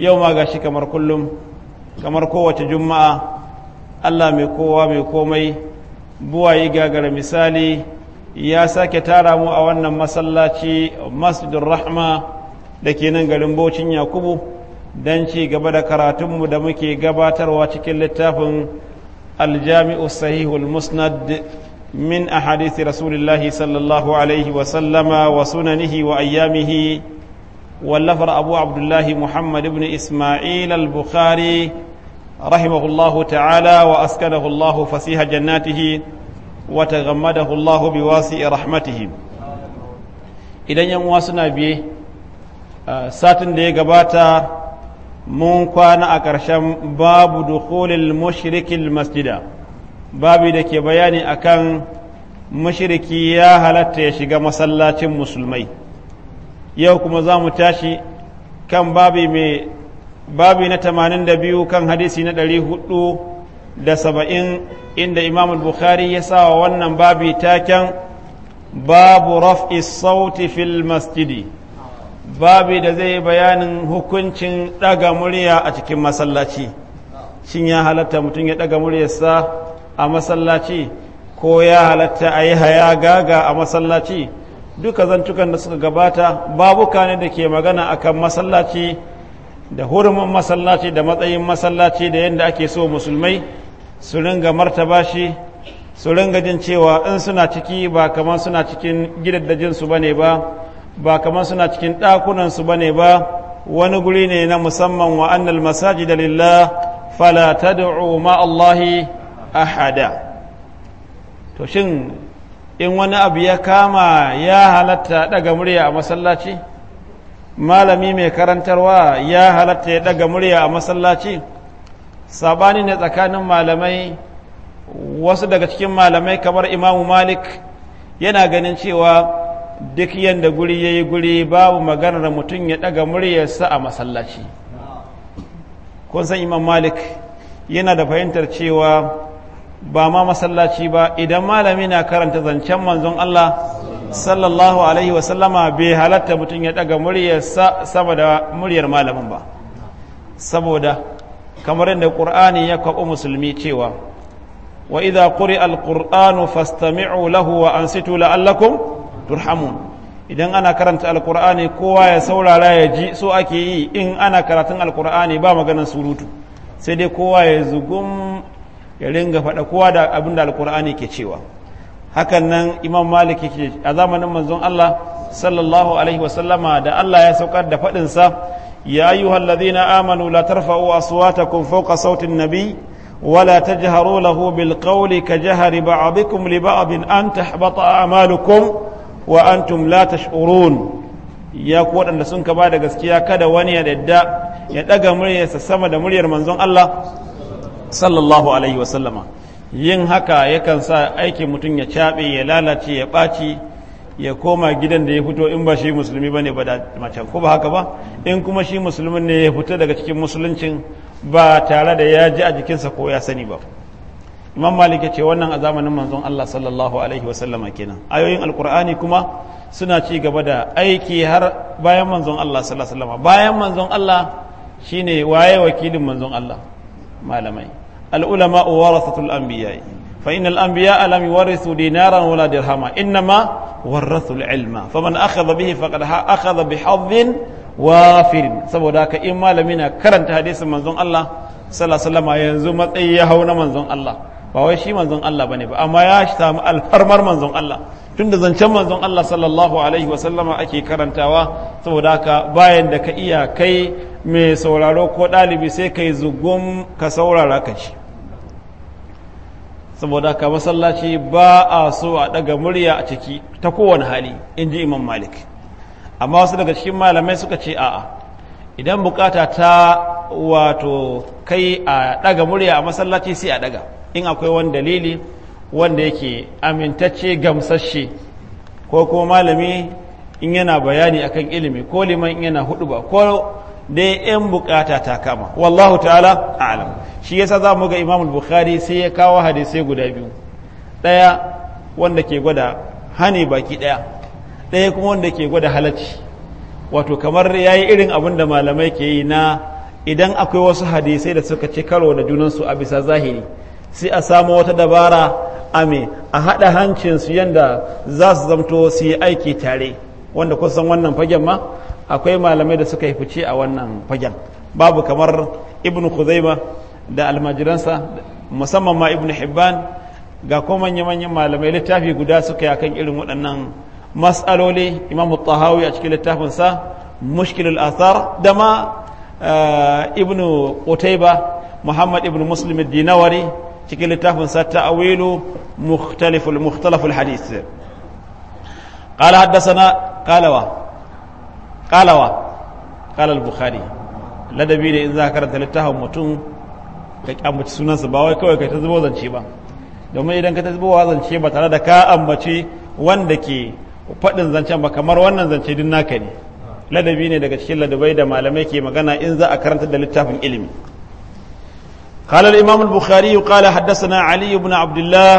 yau ma gashi kamar kullum kamar kowace juma'a allah mai kowa mai komai buwayi gagara misali ya sake tara mu a wannan masallaci masjidin rahma da ke nan garin baucin yakubu don ci gaba da karatunmu da muke gabatarwa cikin littafin aljami'u sahihul musnad min a hadithi rasulillahi sallallahu alaihi wasallama wa sunanihi wa ayyamihi wallafar abu abdullahi muhammad ibn isma'il al-bukhari rahimahullahu ta'ala wa askanahu allah fasiha jannatihi wa taghammadahu allah biwasi'i rahmatihi idan yan uwa suna biye satin da ya gabata mun kwana a ƙarshen babu dukhulil mushrikil masjida babu da ke bayani akan mushriki ya halatta ya shiga masallacin musulmai yau kuma za mu tashi kan babi mai babi na tamanin da biyu kan hadisi na ɗari hudu da saba'in inda imam bukhari ya sa wa wannan babi taken babu raf'i sauti fil masjidi babi da zai bayanin hukuncin ɗaga murya a cikin masallaci shin ya halatta mutum ya ɗaga muryarsa a masallaci ko ya halatta a yi haya gaga a masallaci duka zantukan da suka gabata babu kane da ke magana akan masallaci da hurumin masallaci da matsayin masallaci da yadda ake so musulmai su ringa martaba shi su ringa jin cewa in suna ciki ba kamar suna cikin gidajensu ba ne ba ba kamar suna cikin ɗakunansu ba ne ba wani guri ne na musamman wa annal da lillah fala tad'u ma Allahi ahada to shin in wani abu ya kama ya halatta daga murya a masallaci malami mai karantarwa ya halatta ya daga murya a masallaci Saɓani ne tsakanin malamai wasu daga cikin malamai kamar imamu malik yana ganin cewa duk yadda guri ya yi guri babu maganar mutum ya daga muryarsa a masallaci kun san imam malik yana da fahimtar cewa ba ma masallaci ba idan malami na karanta zancen manzon Allah sallallahu alaihi wasallama bai halatta mutum ya daga muryarsa sama da muryar malamin ba saboda kamar yadda ƙur'ani ya kwaɓi musulmi cewa wa idha quri'a al fastami'u lahu wa ansitu la'allakum turhamun idan ana karanta alkur'ani kowa ya saurara ya ji so ake yi in ana karatun alkur'ani ba maganar surutu sai dai kowa ya zugum ya ringa faɗa kowa da abin da alkur'ani ke cewa hakan nan imam maliki ke a zamanin manzon Allah sallallahu alaihi wasallama da Allah ya saukar da faɗinsa ya yi halladina amanu la tarfa'u aswata kun fauka sautin nabi wala ta jaharo lahu bil kauli ka jahari ba ba abin an ta habata amalukum wa an tum ta shurun ya ku waɗanda sun kaba da gaskiya kada wani ya daɗa ya ɗaga muryarsa sama da muryar manzon Allah sallallahu alaihi wasallama yin haka yakan sa aikin mutum ya caɓe ya lalace ya ɓaci ya koma gidan da ya fito in ba shi musulmi ba ne ba da macen ko ba haka ba in kuma shi musulmin ne ya fito daga cikin musuluncin ba tare da ya ji a jikinsa ko ya sani ba imam malik ya ce wannan a zamanin manzon allah sallallahu alaihi wasallama kenan ayoyin alkur'ani kuma suna ci gaba da aiki har bayan manzon allah sallallahu alaihi wasallama bayan manzon allah shine waye wakilin manzon allah malamai العلماء ورثة الأنبياء فإن الأنبياء لم يورثوا دينارا ولا درهما إنما ورثوا العلم فمن أخذ به فقد أخذ بحظ وافر سبوداك إما لمنا كرنت حديث hadisi الله صلى الله عليه وسلم ينزو متأي هون منزون الله ba wai shi manzon Allah bane ba amma ya samu alfarmar manzon Allah tunda zancen manzon Allah sallallahu alaihi wa sallama ake karantawa saboda haka bayan da ka iya kai mai sauraro ko ɗalibi sai yi zugun ka saurara ka shi saboda ka masallaci ba a so a daga murya a ciki ta kowane hali in ji imam malik amma wasu daga cikin malamai suka ce a idan bukata ta wato kai a daga murya a masallaci sai a daga in akwai wani dalili wanda yake amintacce gamsashe ko kuma malami in yana bayani akan ilimi ko liman in yana hudu ba ko dai yan bukata ta kama wallahu ta'ala a'lam shi yasa za mu ga imam bukhari sai ya kawo hadisai guda biyu ɗaya wanda ke gwada hane baki ɗaya ɗaya kuma wanda ke gwada halacci wato kamar ya yi irin abin da malamai ke yi na idan akwai wasu hadisai da suka ci karo da junansu a bisa zahiri sai a samu wata dabara a me a haɗa hancinsu yadda za su zamto su yi aiki tare wanda kusan wannan fagen ma akwai malamai da suka yi fice a wannan fagen babu kamar ibn khuzaima da almajiransa musamman ma ibn hibban ga kuma manya-manyan malamai littafi guda suka yi akan irin waɗannan mas'aloli imamu tahawi a cikin littafinsa mushkilul athar da ma eh, ibn qutayba muhammad ibn muslim dinawari cikin littafinsa ta'awilu mukhtaliful mukhtalaful hadith قال حدثنا قال qalawa qala al-bukhari ladabi ne in za ka karanta littafin mutum ka ambaci sunansa ba wai kawai ka ta zubo zance ba domin idan ka ta zubo zance ba tare da ka ambaci wanda ke faɗin zancen ba kamar wannan zance din naka ne ladabi ne daga cikin ladabai da malamai ke magana in za a karanta da littafin ilimi قال الإمام البخاري قال حدثنا علي بن عبد الله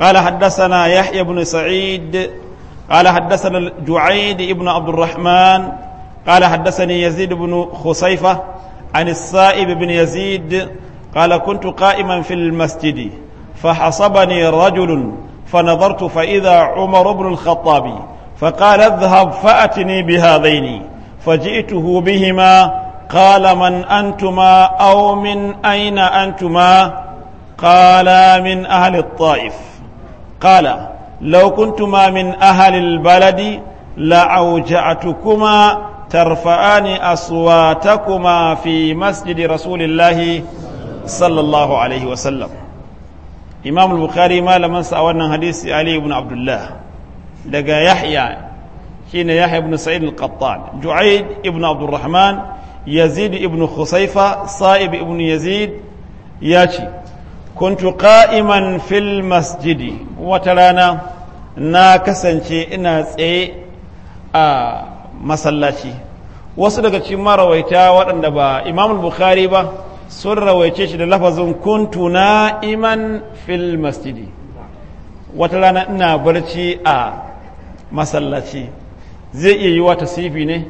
قال حدثنا يحيى بن سعيد قال حدثنا الجعيد ابن عبد الرحمن قال حدثني يزيد بن خصيفة عن السائب بن يزيد قال كنت قائما في المسجد فحصبني رجل فنظرت فإذا عمر بن الخطاب فقال اذهب فأتني بهذين فجئته بهما قال من أنتما أو من أين أنتما قال من أهل الطائف قال لو كنتما من أهل البلد لأوجعتكما ترفعان أصواتكما في مسجد رسول الله صلى الله عليه وسلم إمام البخاري ما لم سأولنا حديث علي بن عبد الله لقى يحيى حين يحيى بن سعيد القطان جعيد بن عبد الرحمن يزيد بن خصيفة صائب بن يزيد ياتي kuntu qa'iman fil masjidi wata rana na kasance ina tsaye a masallaci wasu daga cikin marawaita waɗanda ba imamul bukhari ba sun rawaice shi da lafazin kuntu na iman fil masjidi wata rana ina barci a masallaci zai iya yiwa tasifi ne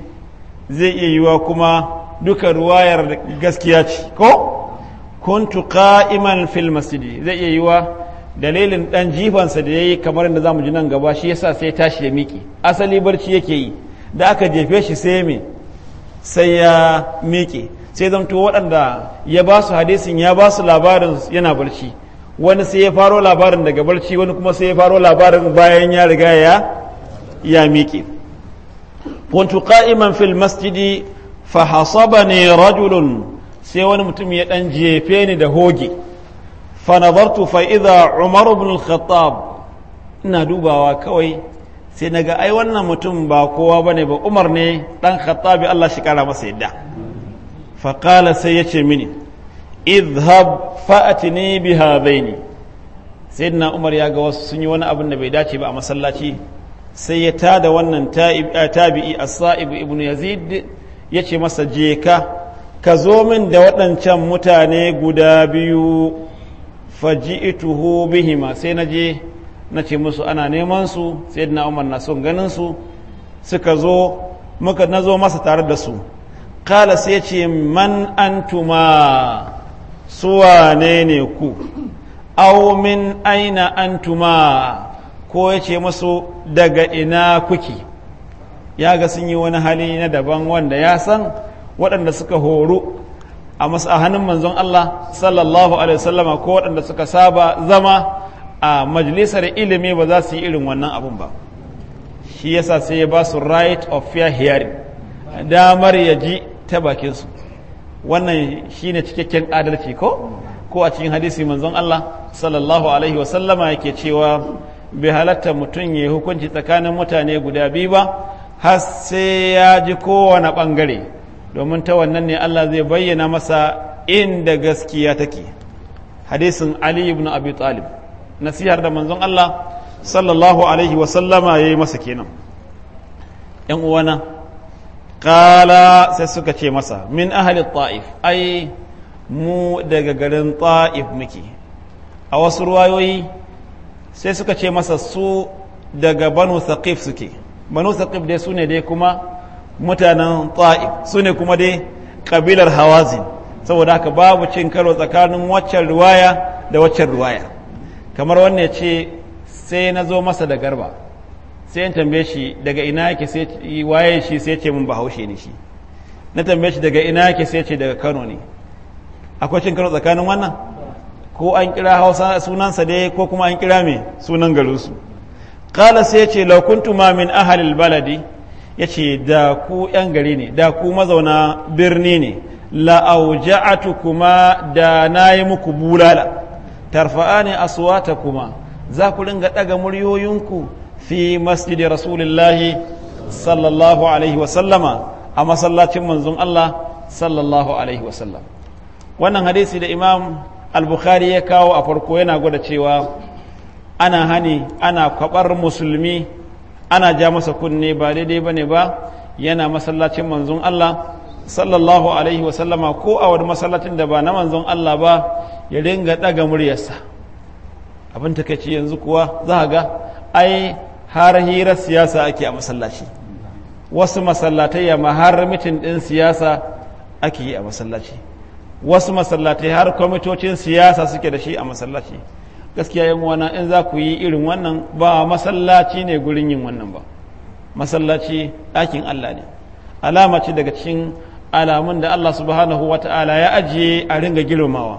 zai iya yiwa kuma duka ruwayar gaskiya ce ko kuntu qa'iman fil masjid zai iya yiwa dalilin dan jifansa da yayi kamar da zamu ji nan gaba shi yasa sai tashi ya miki asali barci yake yi da aka jefe shi sai me sai ya miki sai zamto waɗanda ya ba su hadisin ya ba su labarin yana barci wani sai ya faro labarin daga barci wani kuma sai ya faro labarin bayan ya riga ya ya miki kuntu qa'iman fil masjidi fa hasabani rajulun sai wani mutum ya dan jefe ni da hoge fanazartu nazartu fa idza umar ibn al-khattab ina dubawa kawai sai naga ai wannan mutum ba kowa bane ba umar ne dan khattabi Allah shi kara masa yadda fa qala sai yace mini idhhab fa'atini bi hadaini sayyidina umar ya ga wasu sun yi wani abin da bai dace ba a masallaci sai ya tada wannan tabi'i as-sa'ib ibn yazid yace masa je ka ka zo min da waɗancan mutane guda biyu bihi bihima sai na je na ce musu ana neman su sai na umar na son ganin su suka zo muka na zo masa tare da su kala sai ce man antuma suwa ne ne ku min aina antuma ko ya ce musu daga ina kuki? ya ga sun yi wani hali na daban wanda ya san waɗanda suka horo a hannun manzon Allah sallallahu alaihi wasallama ko waɗanda suka saba zama a majalisar ilimi ba za su yi irin wannan abun ba shi yasa sai ya ba su right of fair hearing damar ya ji ta bakinsu wannan shine cikakken adalci ko ko a cikin hadisi manzon Allah sallallahu alaihi wasallama yake cewa bai halatta mutum ya yi hukunci tsakanin mutane guda biyu ba har sai ya ji kowane ɓangare domin ta wannan ne Allah zai bayyana masa inda gaskiya take hadisin Ali ibn Abi Talib nasihar da manzon Allah sallallahu alaihi wa sallama yayi masa kenan yan uwana kala sai suka ce masa min ahli ta'if ai mu daga garin ta'if muke a wasu ruwayoyi sai suka ce masa su daga banu saqif suke banu saqif dai su ne dai kuma mutanen ta'if su ne kuma dai ƙabilar hawazin saboda haka babu cin karo tsakanin waccan ruwaya da waccan ruwaya kamar wannan ce sai na zo masa da garba sai in tambaye shi daga ina yake sai waye shi sai ce mun bahaushe ne shi na tambaye shi daga ina yake sai ce daga Kano ne akwai cin karo tsakanin wannan ko an kira Hausa sunansa dai ko kuma an kira me sunan garinsu qala sai ce law ma min ahalil baladi ya ce da ku 'yan gari ne da ku mazauna birni ne la'auja'atu kuma da na yi muku bulala tarfa'a ne aswata kuma za ku ringa ɗaga muryoyinku fi masjidi rasulullahi sallallahu alaihi wasallama a masallacin manzon Allah sallallahu alaihi wasallam wannan hadisi da imam al-bukhari ya kawo a farko yana gwada cewa ana hani ana kwabar musulmi ana ja masa kunne ba daidai ba ne ba yana masallacin manzon Allah sallallahu alaihi wasallama ko a wani masallacin da ba na manzon Allah ba ya ringa ɗaga muryarsa abin takaici yanzu kuwa za ga ai har hirar siyasa ake a masallaci wasu masallatai ya har mitin ɗin siyasa ake yi a masallaci wasu masallatai har kwamitocin siyasa suke da shi a masallaci gaskiya yan uwana in za ku yi irin wannan ba masallaci ne gurin yin wannan ba masallaci ɗakin Allah ne alama ce daga cikin alamun da Allah subhanahu wa ta'ala ya ajiye a ringa girmamawa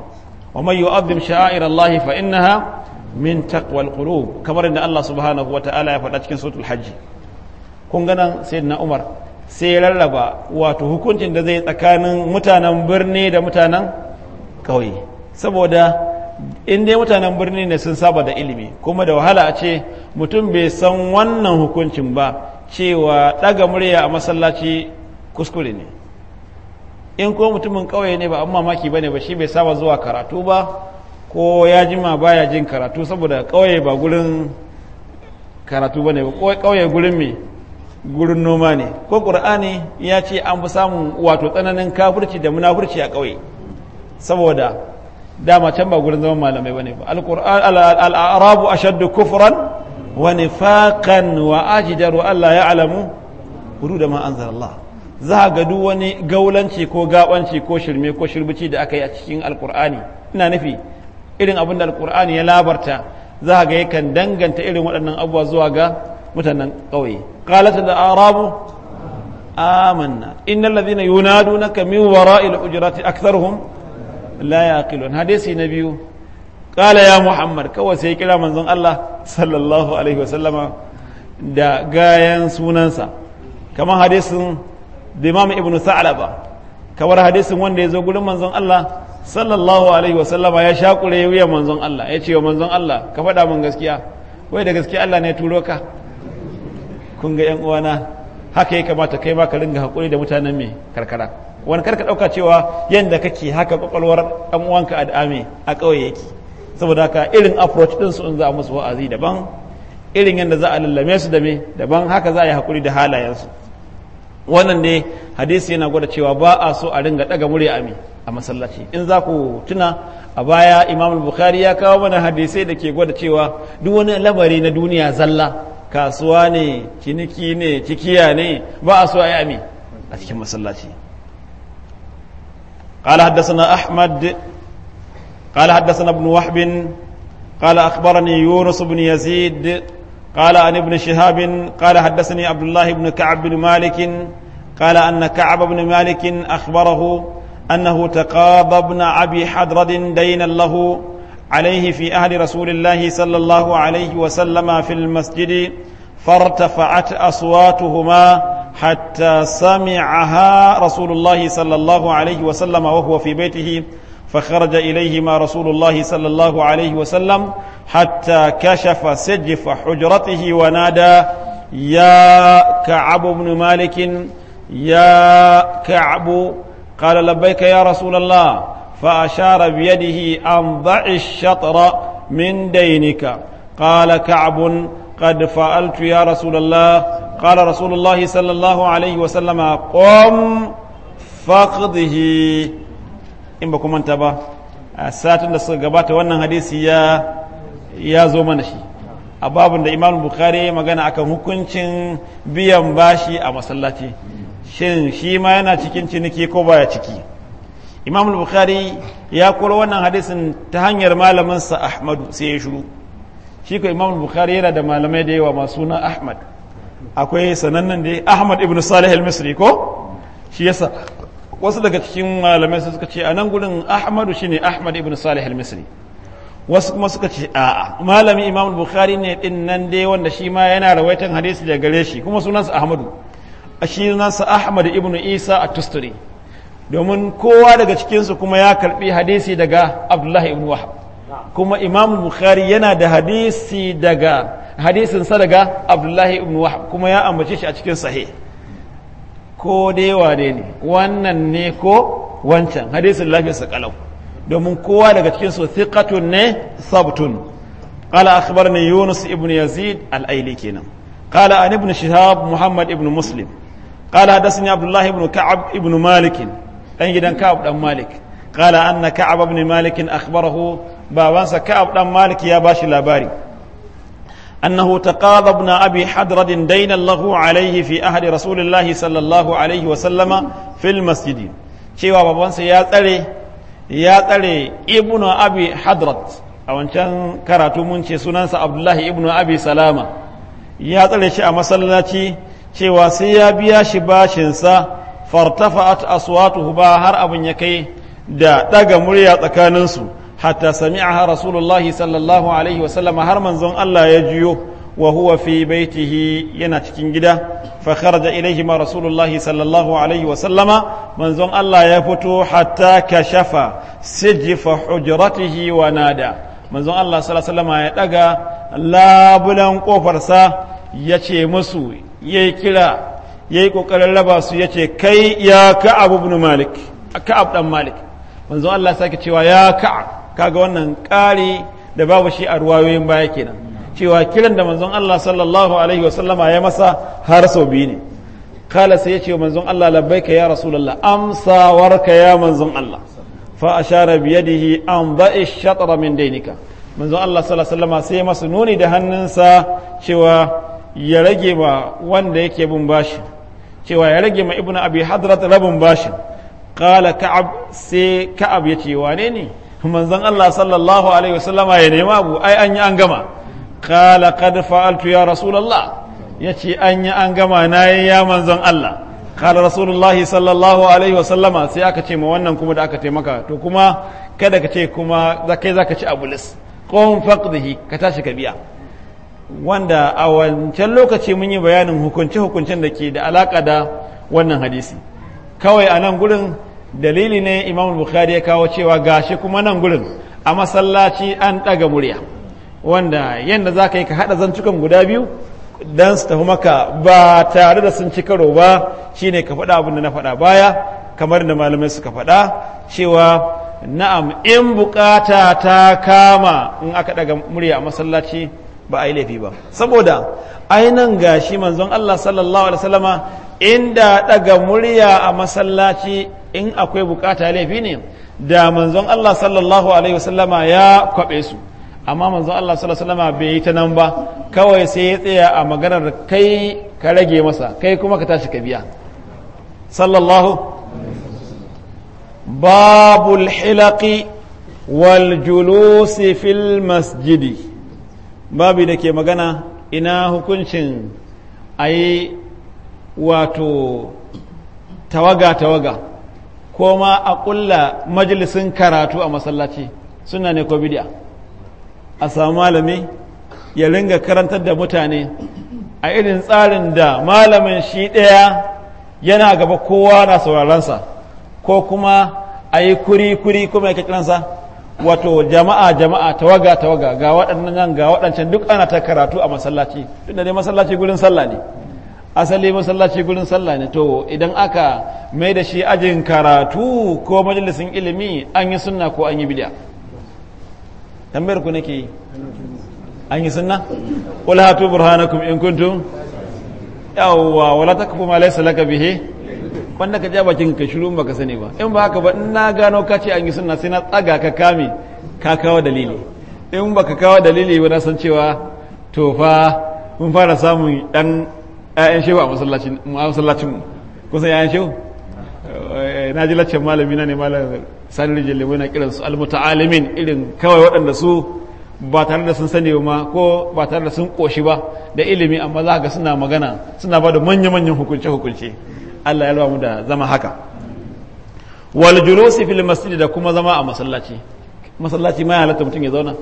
wa man yu'azzim sha'air Allah fa innaha min taqwal qulub kamar da Allah subhanahu wa ta'ala ya faɗa cikin suratul hajji kun ganan sayyidina Umar sai ya rarraba wato hukuncin da zai tsakanin mutanen birni da mutanen kauye saboda in dai mutanen birni ne sun saba da ilimi kuma da wahala a ce mutum bai san wannan hukuncin ba cewa ɗaga murya a masallaci kuskure ne in ko mutumin ƙauye ne ba an mamaki ba ne ba shi bai saba zuwa karatu ba ko ya jima baya jin karatu saboda ƙauye ba gurin karatu ba ne ƙauye gurin me gurin noma ne ko ƙur'ani ya ce an fi samun wato tsananin kafurci da munafurci a ƙauye saboda dama can ba gurin zaman malamai bane ba al-arabu ashaddu kufran wa nifaqan wa ajdaru alla ya'lamu hududa ma anzala Allah za ga duk wani gaulanci ko gabanci ko shirme ko shirbici da aka yi a cikin alkur'ani ina nufi irin abin da alkur'ani ya labarta za ga yakan danganta irin waɗannan abubuwa zuwa ga mutanen ƙauye qalat da arabu amanna innal ladhina yunadunaka min wara'il aktharuhum la yaqilun hadisi na biyu qala ya muhammad kawai sai kira manzon Allah sallallahu alaihi wasallama da gayan sunansa kamar hadisin da imam ibnu sa'laba kamar hadisin wanda ya zo gurin manzon Allah sallallahu alaihi wasallama ya shakure wuya manzon Allah ya ce wa manzon Allah ka faɗa min gaskiya wai da gaskiya Allah ne ya turo ka kun ga 'yan uwana haka ya kamata kai ma ka ringa haƙuri da mutanen mai karkara wani karka ɗauka cewa yadda kake haka kwakwalwar ɗan uwanka a a ƙauye yake saboda haka irin approach ɗin su in za a musu wa'azi daban irin yadda za a lallame su da me daban haka za a yi haƙuri da halayensu wannan ne hadisi yana gwada cewa ba a so a ringa ɗaga murya a a masallaci in za ku tuna a baya imam bukhari ya kawo mana hadisai da ke gwada cewa duk wani lamari na duniya zalla kasuwa ne ciniki ne cikiya ne ba a so a yi a a cikin masallaci قال حدثنا أحمد قال حدثنا ابن وحب قال أخبرني يونس بن يزيد قال عن ابن شهاب قال حدثني عبد الله بن كعب بن مالك قال أن كعب بن مالك أخبره أنه تقاضى ابن أبي حدرد دينا له عليه في أهل رسول الله صلى الله عليه وسلم في المسجد فارتفعت أصواتهما حتى سمعها رسول الله صلى الله عليه وسلم وهو في بيته فخرج إليهما رسول الله صلى الله عليه وسلم حتى كشف سجف حجرته ونادى يا كعب بن مالك يا كعب قال لبيك يا رسول الله فأشار بيده أن ضع الشطر من دينك قال كعب قد فعلت يا رسول الله قال رسول الله صلى الله عليه وسلم قم فقده إن بكم انتبه ساتن da suka gabata wannan hadisi ya ya zo mana shi a babin da imam bukhari magana akan hukuncin biyan bashi a masallaci shin shi ma yana cikin ciniki ko baya ciki imam bukhari ya kula wannan hadisin ta hanyar malamin sa ahmadu sai ya shiru shi ka imam bukhari yana da malamai da yawa masu na ahmad akwai sanannen da ahmad ibn salih al-misri ko shi yasa wasu daga cikin malamai su suka ce a nan gudun ahmadu shine ahmad ibn salih al-misri wasu kuma suka ce a'a malami imam bukhari ne din nan dai wanda shi ma yana rawaitan hadisi da gare shi kuma sunansa ahmadu a shi sunansa ahmad ibn isa a tusturi domin kowa daga cikinsu kuma ya karbi hadisi daga abdullahi ibn wahab kuma imam bukhari yana da hadisi daga hadisin sa daga abdullahi ibn wahab kuma ya ambace shi a cikin sahih ko dai wane ne wannan ne ko wancan hadisin lafiyarsa kalau domin kowa daga cikin su thiqatun ne sabtun qala akhbarani yunus ibn yazid al-aili kenan qala an ibn shihab muhammad ibn muslim qala hadathani abdullah ibn ka'ab ibn malik dan gidan ka'ab dan malik qala anna ka'ab ibn malik akhbarahu babansa ka'ab dan malik ya bashi labari أنه تقاضى ابن أبي حدرد دينا له عليه في أهل رسول الله صلى الله عليه وسلم في المسجد شيوا بابانسا يا تري يا تري ابن أبي حدرد أو أن كان كراتو منشي سنانسا عبد الله ابن أبي سلامة يا تري شيء مسلاتي شيوا سيا بيا شباشنسا فارتفعت أصواته باهر أبن يكي دا تاغا مريا تكاننسو hatta sami'aha rasulullahi sallallahu alaihi wa sallama har manzon Allah ya jiyo wa huwa fi baitihi yana cikin gida fa kharaja ilaihi ma rasulullahi sallallahu alaihi wa sallama manzon Allah ya fito hatta kashafa sijfa hujratihi wa nada manzon Allah sallallahu alaihi wasallam ya daga labulan kofarsa ya ce musu yayi kira yayi kokarin raba su yace kai ya ka'ab ibn malik ka'ab dan malik manzon Allah sake cewa ya ka'ab kaga wannan ƙari da babu shi a ruwayoyin baya kenan cewa kiran da manzon Allah sallallahu alaihi wasallama ya masa har sau biyu ne kala sai ya ce manzon Allah labbaika ya rasulullah amsawarka ya manzon Allah fa ashara bi yadihi an ba'i shatra min dainika manzon Allah sallallahu alaihi wasallama sai masa nuni da hannunsa cewa ya rage ma wanda yake bin bashi cewa ya rage ma ibnu abi hadrat rabun bashin qala ka'ab sai ka'ab yace wane ne manzon Allah sallallahu alaihi wasallam ya nema abu ai an yi an gama qala qad fa'altu ya rasulullah yace an yi an gama nayi ya manzon Allah qala rasulullahi sallallahu alaihi wasallama sai aka ce ma wannan kuma da aka taimaka to kuma kada ka ce kuma kai zaka ci abulis qawm faqdihi ka tashi ka biya wanda a wancan lokaci mun yi bayanin hukunce-hukuncen da ke da alaka da wannan hadisi kawai a nan gurin dalili ne imam bukhari ya kawo cewa gashi kuma nan gurin a masallaci an ɗaga murya wanda yadda za ka yi ka haɗa zantukan guda biyu don su tafi maka ba tare da sun ci karo ba shi ne ka faɗa abin da na faɗa baya kamar da malamai suka faɗa cewa na'am in bukata ta kama in aka ɗaga murya a masallaci ba a yi laifi ba saboda ainan gashi manzon Allah sallallahu alaihi wasallama inda daga murya a masallaci in akwai bukata laifi ne da manzon Allah sallallahu alaihi wasallama ya kwabe su amma manzon Allah sallallahu alaihi wasallama bai yi ta nan ba kawai sai ya tsaya a maganar kai ka rage masa kai kuma ka tashi ka biya sallallahu babul hilaki wal julusi fil masjidi babu da ke magana ina hukuncin a yi wato tawaga-tawaga ko ma a ƙulla majalisun karatu a masallaci suna ne ko bidiya a samu malami ya ringa karantar da mutane a irin tsarin da malamin shi ɗaya yana gaba kowa na sauraronsa ko kuma a yi kuri-kuri kuma ya kakiransa wato jama'a jama'a tawaga tawaga ga waɗannan nan ga waɗancan duk ana ta karatu a masallaci tun da dai masallaci gurin sallah ne asali masallaci gurin sallah ne to idan aka mai da shi ajin karatu ko majalisin ilimi an yi sunna ko an yi bid'a tambayar ku nake yi an yi sunna qul hatu burhanakum in kuntum yawwa wala takfu ma laysa laka bihi wanda ka ja bakin ka shiru ba ka sani ba in ba haka ba in na gano ka ce an yi sunna sai na tsaga ka kame ka kawo dalili in ba ka kawo dalili ba na san cewa to fa mun fara samun dan ƴaƴan shehu a masallacin mu kun san ƴaƴan shehu eh, na ji laccen malami na ne malam sanin rijiyar lemo na kiransu almuta'alimin irin kawai waɗanda su ba tare da sun sani ma ko ba tare da sun ƙoshi ba da ilimi amma za ka suna magana suna ba da manya-manyan hukunce-hukunce Allah ya mu da zama haka wal julusi fil masjid da kuma zama a masallaci masallaci ma ya halatta mutum ya zauna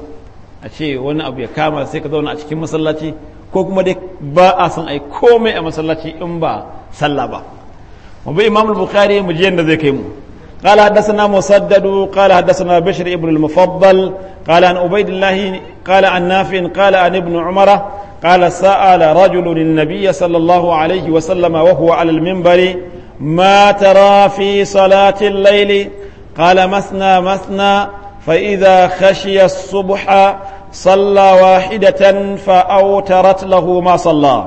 a ce wani abu ya kama sai ka zauna a cikin masallaci ko kuma dai ba a san ai komai a masallaci in ba sallah ba mu bi imam al-bukhari mu je yanda zai kai mu قال حدثنا مسدد قال حدثنا بشر ابن المفضل قال عن عبيد الله قال عن نافع قال عن ابن عمر قال سأل رجل النبي صلى الله عليه وسلم وهو على المنبر ما ترى في صلاة الليل قال مثنى مثنى فإذا خشي الصبح صلى واحدة فأوترت له ما صلى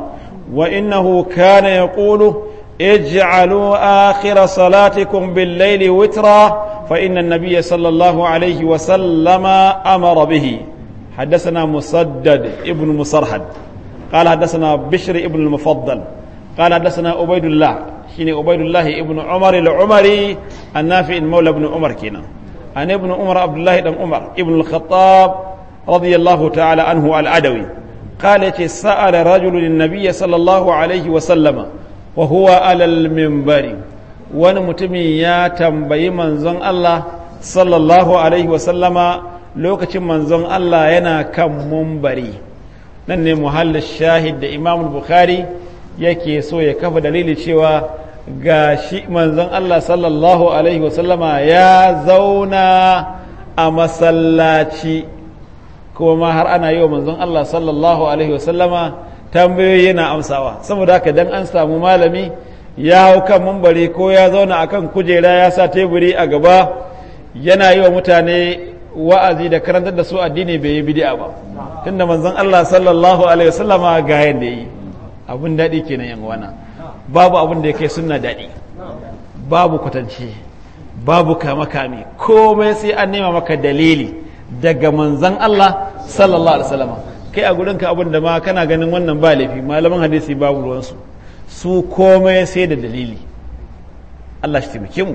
وإنه كان يقول اجعلوا آخر صلاتكم بالليل وترا فإن النبي صلى الله عليه وسلم أمر به حدثنا مسدد ابن مسرحد قال حدثنا بشر ابن المفضل قال حدثنا عبيد الله شيني عبيد الله ابن عمر العمري النافع مولى ابن عمر كنا عن ابن عمر عبد الله بن عمر ابن الخطاب رضي الله تعالى عنه العدوي قال سأل رجل النبي صلى الله عليه وسلم وهو على المنبر wani mutumin ya tambayi manzon Allah sallallahu Alaihi wasallama lokacin manzon Allah yana kan mumbari nan ne muhalli shahid da imam bukhari yake so ya kafa dalili cewa ga shi manzon Allah sallallahu alaihi wasallama ya zauna a masallaci kuma har ana yi wa manzon Allah sallallahu alaihi wasallama tambayoyi yana amsawa saboda haka dan an samu malami ya hau kan mumbari ko ya zauna akan kujera ya sa teburi a gaba yana yi wa mutane wa'azi da karantar da su addini bai yi bidi'a ba tunda manzon Allah sallallahu alaihi wasallama ga yanda yi abun dadi kenan yan wana babu abun da kai sunna daɗi, babu kwatance, babu kama kame komai sai an nema maka dalili daga manzon Allah sallallahu alaihi wasallama kai a gurin ka abun da ma kana ganin wannan ba laifi malaman hadisi babu ruwansu su komai sai da dalili Allah shi taimake mu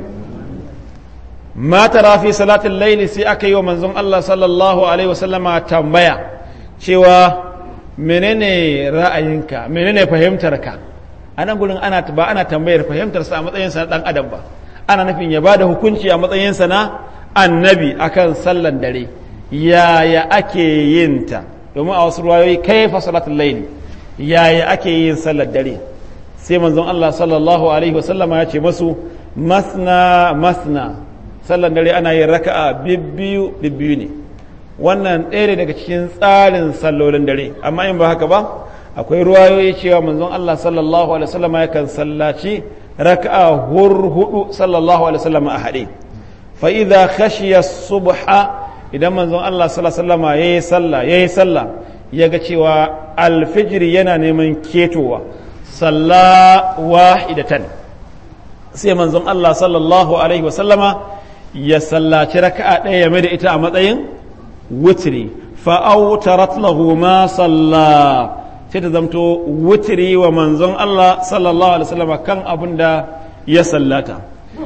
mata rafi salatin laili sai aka yi wa manzon Allah sallallahu alaihi wasallama tambaya cewa menene ra'ayinka menene fahimtarka a nan ana ba ana tambayar fahimtarsa a matsayinsa na dan adam ba ana nufin ya ba da hukunci a matsayinsa na annabi akan sallan dare yaya ake yin ta domin a wasu ruwayoyi fa salatin Laini yaya ake yin sallar dare sai manzon Allah sallallahu alaihi wasallama ya ce masu masna masna sallan dare ana yin raka'a bibbiyu bibbiyu ne wannan ɗaya ne daga cikin tsarin sallolin dare amma in ba haka ba akwai ruwayoyi cewa manzon Allah sallallahu alaihi wasallam yakan sallaci raka'a hurhudu sallallahu alaihi wasallam a hade fa idza khashiya subha idan manzon Allah sallallahu alaihi wasallam yayi sallah yayi sallah yaga cewa alfijiri yana neman ketowa salla wahidatan sai manzon Allah sallallahu alaihi wasallama ya sallaci raka'a ɗaya ya mai da ita a matsayin wutri fa autarat lahu ma salla sai ta zamto wutri wa manzon Allah sallallahu alaihi wasallam kan abin da ya sallata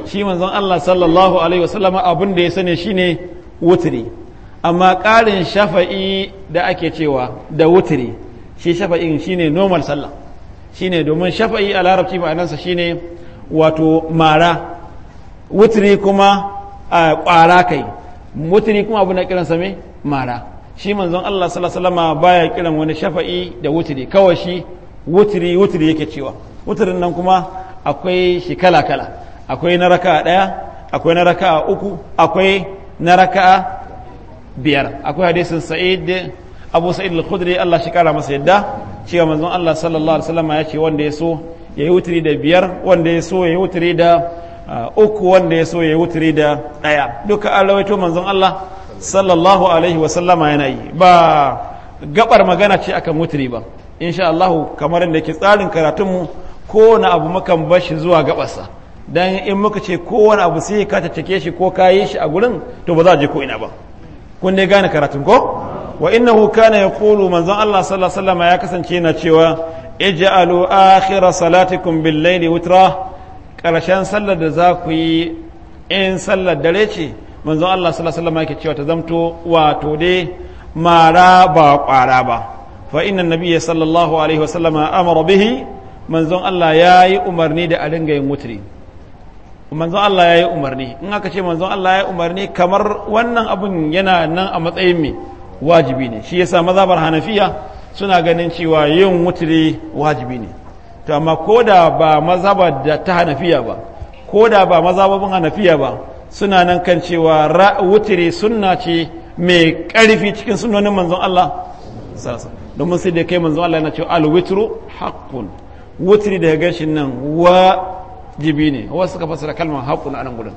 shi manzon Allah sallallahu alaihi wasallam abin da ya sani shine wutri amma ƙarin shafa'i da ake cewa da wutri shi shafa'in shine normal sallah shine domin shafa'i a larabci ma'anarsa shine wato mara wutri kuma ƙwara kai wuturi kuma abu na sa mai mara shi manzon Allah sallallahu baya kiran wani shafa'i da wuturi kawai shi wuturi wutri yake cewa wuturin nan kuma akwai shi kala kala akwai na raka'a daya akwai na raka'a uku akwai na raka'a biyar akwai hadisin sa'id abu sa'id al-khudri Allah shi kara masa yadda cewa manzon Allah sallallahu alaihi wasallam ya ce wanda ya so yayi wuturi da biyar wanda ya so yayi wuturi da Uh, uku wanda ya so ya wuturi da ɗaya duka an to manzon Allah sallallahu alaihi wa sallama yana yi ba gabar magana ce akan wuturi ba insha Allah kamar da ke tsarin karatunmu kowane abu makan bashi zuwa gabarsa dan in muka ce kowane abu sai ka tattake shi ko kayi shi a gurin to ba za a je ko ina ba kun dai gane karatun ko wa innahu kana yaqulu manzon Allah sallallahu alaihi sallama ya kasance na cewa ij'alu akhira salatikum bil-layli wutra ƙarshen sallar da za ku yi in sallar dare ce manzon Allah sallallahu alaihi wasallam cewa ta zamto wato dai mara ba ƙwara ba fa inna nabiyyi sallallahu alaihi wasallam amara bihi manzon Allah yayi umarni da a dinga yin wutri manzon Allah yayi umarni in aka ce manzon Allah yayi umarni kamar wannan abun yana nan a matsayin me wajibi ne shi yasa mazhabar Hanafiya suna ganin cewa yin wutri wajibi ne to amma ko da ba mazaba da ta hanafiya ba ko da ba mazhabin hanafiya ba suna nan kan cewa wutiri sunna ce mai ƙarfi cikin sunonin manzon Allah domin sai da kai manzon Allah yana cewa alwitru haqqun wutiri da gashin nan wajibi ne wasu suka fasara kalmar haqqun anan gudun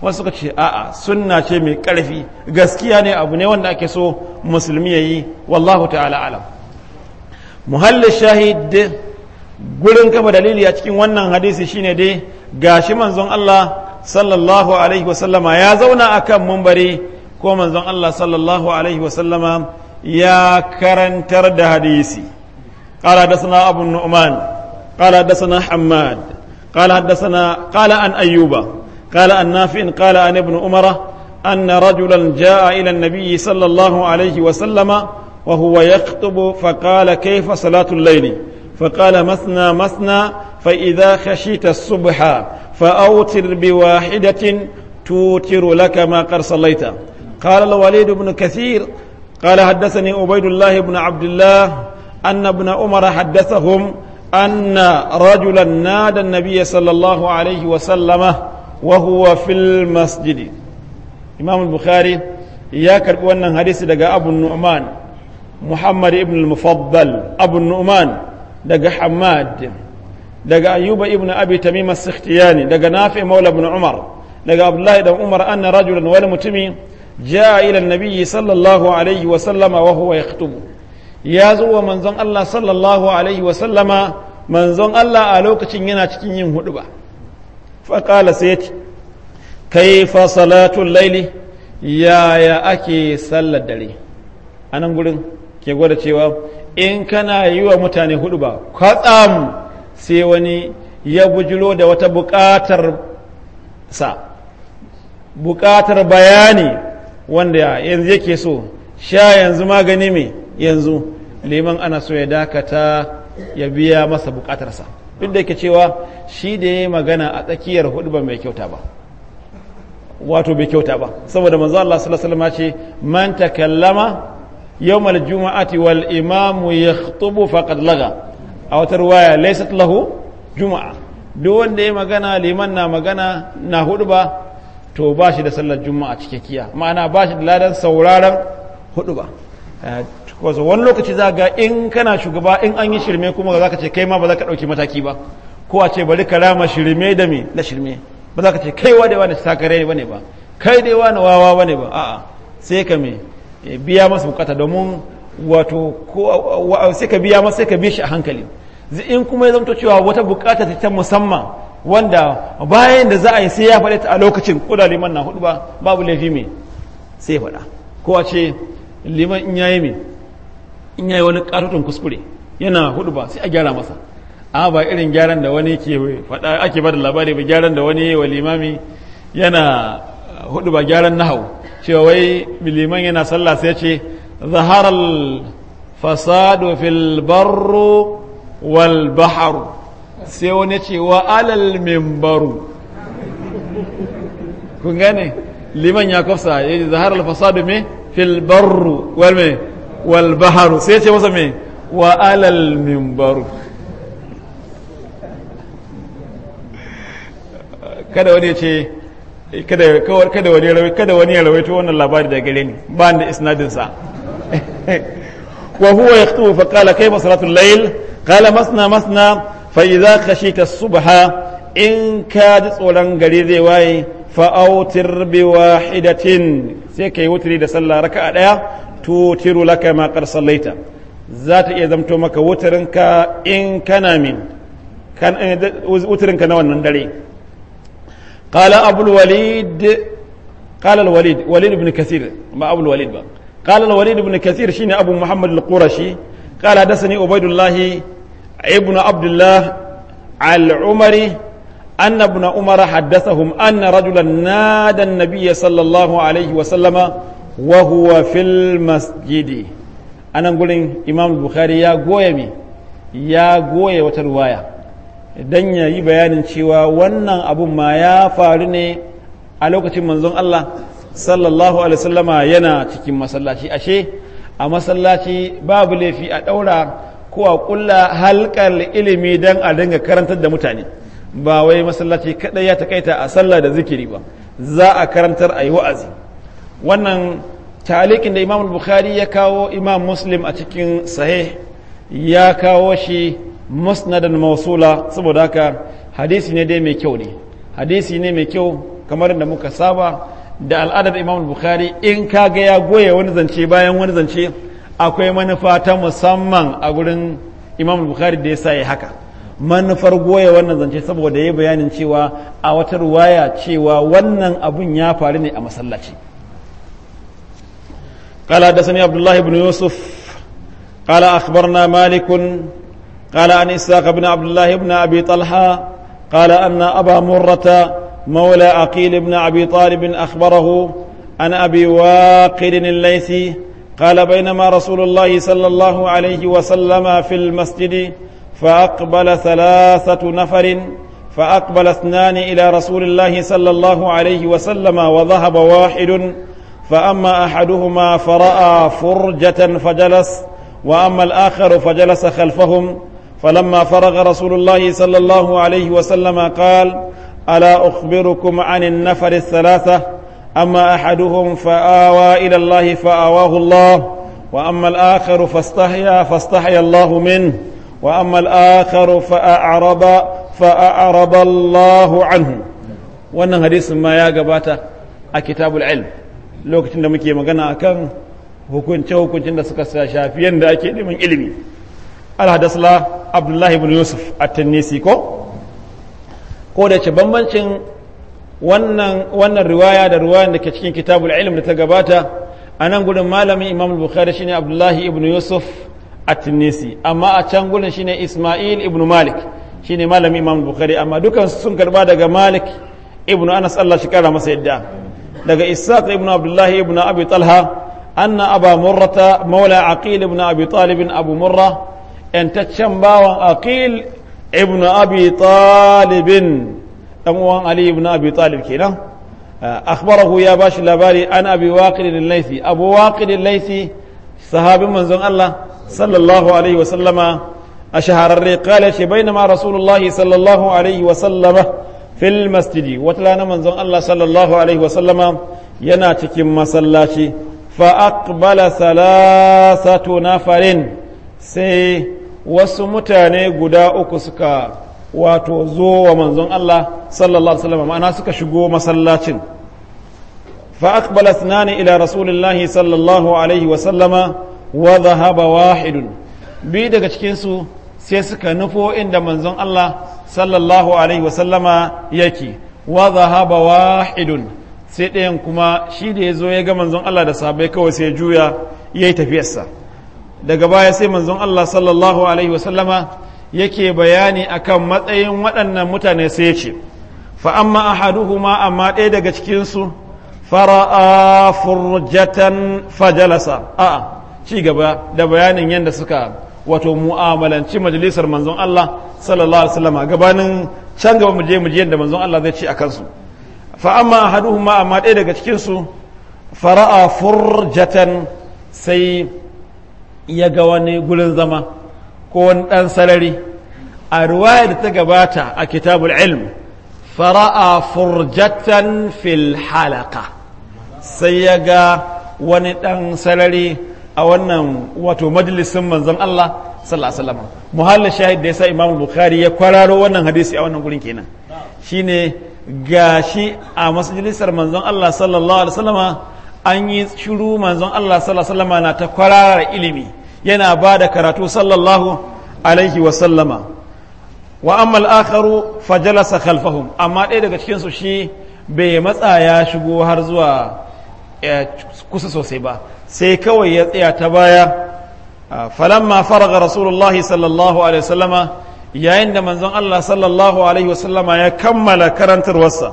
wasu suka ce a'a sunna ce mai ƙarfi gaskiya ne abu ne wanda ake so musulmi yayi wallahu ta'ala alam muhallin shahid gurin kafa dalili a cikin wannan hadisi shine dai gashi manzon Allah sallallahu alaihi wasallama ya zauna akan mumbari ko manzon Allah sallallahu alaihi wasallama ya karantar da hadisi قال حدثنا أبو النعمان قال حدثنا حماد قال حدثنا قال عن أيوب قال عن نافع قال عن ابن عمر أن رجلا جاء إلى النبي صلى الله عليه وسلم وهو يخطب فقال كيف صلاة الليل فقال مثنى مثنى فإذا خشيت الصبح فأوتر بواحدة توتر لك ما قد صليت قال الوليد بن كثير قال حدثني عبيد الله بن عبد الله أن ابن عمر حدثهم أن رجلا نادى النبي صلى الله عليه وسلم وهو في المسجد إمام البخاري يا كربوانا حديث دقاء أبو النعمان محمد ابن المفضل أبو النعمان daga hamad daga ayyuba ibn abi tamim as-sikhtiyani daga nafi maula ibn umar daga abdullahi dan umar anna rajulan wani mutumi jaa ila nabiyyi sallallahu alaihi wa sallama wa huwa yaktubu ya zo wa manzon Allah sallallahu alaihi wa sallama manzon Allah a lokacin yana cikin yin huduba fa qala sai Kai kaifa salatul laili yaya ake sallar dare anan gurin ke gwada cewa in kana yi wa mutane hudu ba kwatsam sai wani ya bujilo da wata buƙatar sa buƙatar bayani wanda yanzu yake so sha yanzu magani mai yanzu liman ana so ya dakata ya biya masa buƙatarsa duk da yake cewa shi da ya yi magana a tsakiyar hudu ba mai kyauta ba wato bai kyauta ba saboda manzo Allah sallallahu alaihi wasallam ce man takallama يوم الجمعة wal يخطب فقد faqad أو a ليست له جمعة lahu juma'a مغانا wanda ya magana liman na magana na hudu ba to ba shi da sallar juma'a cikakkiya ma'ana da sauraron hudu ba kwazo wani lokaci za ga in kana shugaba in an yi shirme kuma za ka ce kai ma ba za ka ɗauki mataki ba ko a ce bari ka shirme da me na shirme ba za ka ce kai wa da wani sakare ne ba ne ba kai da wani wawa ba ne ba a'a sai ka me Eh, biya masa bukata domin wato sai ka biya masa sai ka biya shi a hankali in kuma ya zamto cewa wata bukata ta musamman wanda bayan da za a yi sai ya faɗi a lokacin ko da liman na hudu ba babu laifi mai sai ya faɗa ko a ce liman in yayi mai in yayi wani ƙatoton kuskure yana hudu ba sai a gyara masa a ba irin gyaran da wani ke faɗa ake ba da labari ba gyaran da wani wa limami yana hudu ba gyaran hau. cewa wai liman yana sallah sai ce zaharar fasadu filbaru walbaharu sai wani ce wa alal mimbaru kun gane liman ya kofsa ya ce zaharar fasadu mai filbaru walbaharu sai ce masa mai wa alal mimbaru kada wani ya ce kada kawar kada wani rawai kada wani ya rawaito wannan labari da gare ni ba da isnadin sa wa huwa yaktubu fa qala kayfa salatul layl qala masna masna fa idza khashita subha in ka ji tsoron gari zai waye fa autir bi wahidatin sai kai wutri da sallah raka'a daya tutiru laka ma qad sallaita za ta iya zamto maka wutarinka in kana min kan eh, na wannan dare قال أبو الوليد قال الوليد وليد بن كثير ما أبو الوليد بقى قال الوليد بن كثير شيني أبو محمد القرشي قال حدثني عبيد الله ابن عبد الله العمري أن ابن عمر حدثهم أن رجلا نادى النبي صلى الله عليه وسلم وهو في المسجد أنا نقول إمام البخاري يا قويمي يا قوي وتروايا don ya yi bayanin cewa wannan abun ma ya faru ne a lokacin manzon Allah sallallahu alaihi wasallama yana cikin masallaci ashe a masallaci babu laifi a ɗaura ko a ƙulla halkar ilimi don a dinga karantar da mutane ba wai masallaci kaɗai ya takaita a sallah da zikiri ba za a karantar a yi wa'azi wannan talikin da imam bukhari ya kawo imam muslim a cikin sahih ya kawo shi musnadan mawsula saboda haka hadisi ne dai mai kyau ne hadisi ne mai kyau kamar da muka saba da al'adar imam bukhari in kaga ya goya wani zance bayan wani zance akwai manufa ta musamman a gurin imam bukhari da ya sa ya haka manufar goya wannan zance saboda ya bayanin cewa a wata ruwaya cewa wannan abun ya faru ne a masallaci قال حدثني عبد الله بن يوسف قال اخبرنا مالك قال عن إساق بن عبد الله بن أبي طلحة قال أن أبا مرة مولى عقيل بن أبي طالب أخبره عن أبي واقل الليثي قال بينما رسول الله صلى الله عليه وسلم في المسجد فأقبل ثلاثة نفر فأقبل اثنان إلى رسول الله صلى الله عليه وسلم وذهب واحد فأما أحدهما فرأى فرجة فجلس وأما الآخر فجلس خلفهم فلما فرغ رسول الله صلى الله عليه وسلم قال الا اخبركم عن النفر الثلاثه اما احدهم فاوى الى الله فاواه الله واما الاخر فاستحيا فاستحيا الله منه واما الاخر فاعرب فاعرب الله عنه wannan hadisin ma ya gabata a kitabul ilm lokacin da muke magana akan hukunce hukuncin da suka shafi yadda ake neman ilimi ala hadasla abdullahi ibn yusuf a tannisi ko ko da ce bambancin wannan riwaya da riwayar da ke cikin kitabul ilm da ta gabata a nan gudun malamin imam bukhari shine abdullahi ibn yusuf a tannisi amma a can gudun shine ismail ibn malik shine malamin imam bukhari amma dukan sun karba daga malik ibn anas allah shi kara masa yadda daga isaac ibn abdullahi ibn abi talha anna aba murrata maula aqil ibn abi talib abu murra ‘yantaccen bawan aqil ibn abi talibin ɗan uwan ali ibn abi talib kenan ah, akhbarahu ya ba shi labari an abi waqidin laifi abu waqidin laifi sahabin manzon Allah sallallahu alaihi wa sallama a shahararre kala ce bainama rasulullahi sallallahu alaihi wa sallama fil masjidi wata rana manzon Allah sallallahu alaihi wa sallama yana cikin masallaci fa aqbala salasatu nafarin sai wasu mutane guda uku suka wato zo wa manzon Allah sallallahu alaihi wasallam ma'ana suka shigo masallacin fa aqbala ila rasulillahi sallallahu alaihi wasallama wa dhahaba wahidun bi daga cikin su sai suka nufo inda manzon Allah sallallahu alaihi wasallama yake wa dhahaba wahidun sai ɗayan kuma shi da ya zo ya ga manzon Allah da sabai kawai sai juya ya yi tafiyarsa daga baya sai manzon Allah sallallahu alaihi wasallama yake bayani akan matsayin waɗannan mutane sai ya ce fa amma ahaduhuma amma ɗaya daga cikinsu fara'a furjatan fajalasa a'a ci gaba da bayanin yadda suka wato mu'amalanci majalisar manzon Allah sallallahu alaihi wasallama gabanin can gaba mu je mu je yadda manzon Allah zai ci a kansu fa amma ahaduhuma amma ɗaya daga cikinsu fara'a furjatan sai ya ga wani gulin zama ko wani ɗan sarari a ruwaya da ta gabata a kitabul ilm fara'a furjatan fil halaka sai ya ga wani ɗan sarari a wannan wato majalisin manzon Allah sallallahu alaihi muhallin shahid da yasa Imam Bukhari ya kwararo wannan hadisi a wannan gurin kenan shine gashi a majalisar manzon Allah sallallahu alaihi wasallama an yi shiru manzon Allah sallallahu alaihi wasallama na ta kwararar ilimi yana ba da karatu sallallahu alaihi wa sallama wa amma al'akaru fajalasa khalfahum amma ɗaya daga cikinsu shi bai matsa ya shigo har zuwa kusa sosai ba sai kawai ya tsaya ta baya falamma faraga rasulullahi sallallahu alaihi wasallama yayin da manzon Allah sallallahu alaihi wasallama ya kammala karantarwarsa